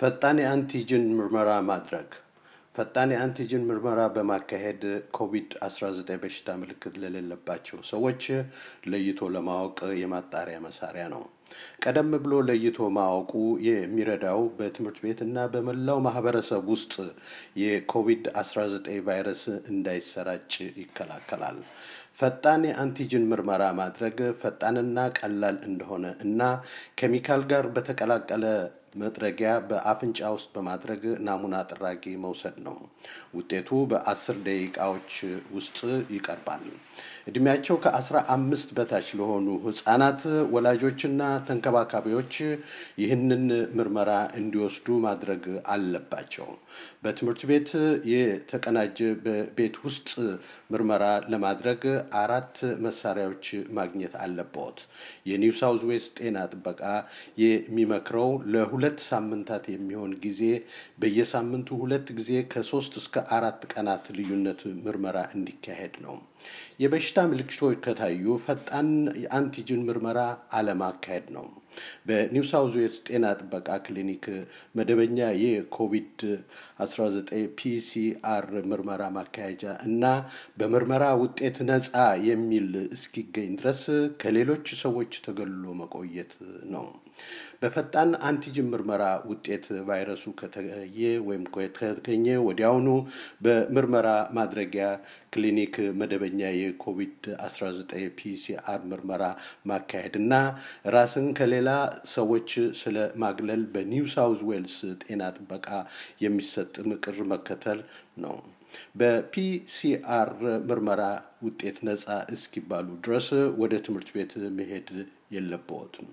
ፈጣን የአንቲጅን ምርመራ ማድረግ ፈጣን የአንቲጅን ምርመራ በማካሄድ ኮቪድ-19 በሽታ ምልክት ለሌለባቸው ሰዎች ለይቶ ለማወቅ የማጣሪያ መሳሪያ ነው። ቀደም ብሎ ለይቶ ማወቁ የሚረዳው በትምህርት ቤት ና በመላው ማህበረሰብ ውስጥ የኮቪድ-19 ቫይረስ እንዳይሰራጭ ይከላከላል። ፈጣን የአንቲጅን ምርመራ ማድረግ ፈጣንና ቀላል እንደሆነ እና ኬሚካል ጋር በተቀላቀለ መጥረጊያ በአፍንጫ ውስጥ በማድረግ ናሙና ጥራጊ መውሰድ ነው። ውጤቱ በአስር ደቂቃዎች ውስጥ ይቀርባል። እድሜያቸው ከአስራ አምስት በታች ለሆኑ ህጻናት ወላጆችና ተንከባካቢዎች ይህንን ምርመራ እንዲወስዱ ማድረግ አለባቸው። በትምህርት ቤት የተቀናጀ በቤት ውስጥ ምርመራ ለማድረግ አራት መሳሪያዎች ማግኘት አለብዎት። የኒው ሳውዝ ዌልስ ጤና ጥበቃ የሚመክረው ለሁለት ሳምንታት የሚሆን ጊዜ በየሳምንቱ ሁለት ጊዜ ከሶስት እስከ አራት ቀናት ልዩነት ምርመራ እንዲካሄድ ነው። የበሽታ ምልክቶች ከታዩ ፈጣን የአንቲጅን ምርመራ አለማካሄድ Magnum. በኒው ሳውዝ ዌልስ ጤና ጥበቃ ክሊኒክ መደበኛ የኮቪድ-19 ፒሲአር ምርመራ ማካሄጃ እና በምርመራ ውጤት ነፃ የሚል እስኪገኝ ድረስ ከሌሎች ሰዎች ተገልሎ መቆየት ነው። በፈጣን አንቲጅን ምርመራ ውጤት ቫይረሱ ከተገኘ ወይም ከተገኘ ወዲያውኑ በምርመራ ማድረጊያ ክሊኒክ መደበኛ የኮቪድ-19 ፒሲአር ምርመራ ማካሄድ እና ራስን ከሌላ ሌላ ሰዎች ስለ ማግለል በኒው ሳውዝ ዌልስ ጤና ጥበቃ የሚሰጥ ምክር መከተል ነው። በፒሲአር ምርመራ ውጤት ነፃ እስኪባሉ ድረስ ወደ ትምህርት ቤት መሄድ የለብዎትም።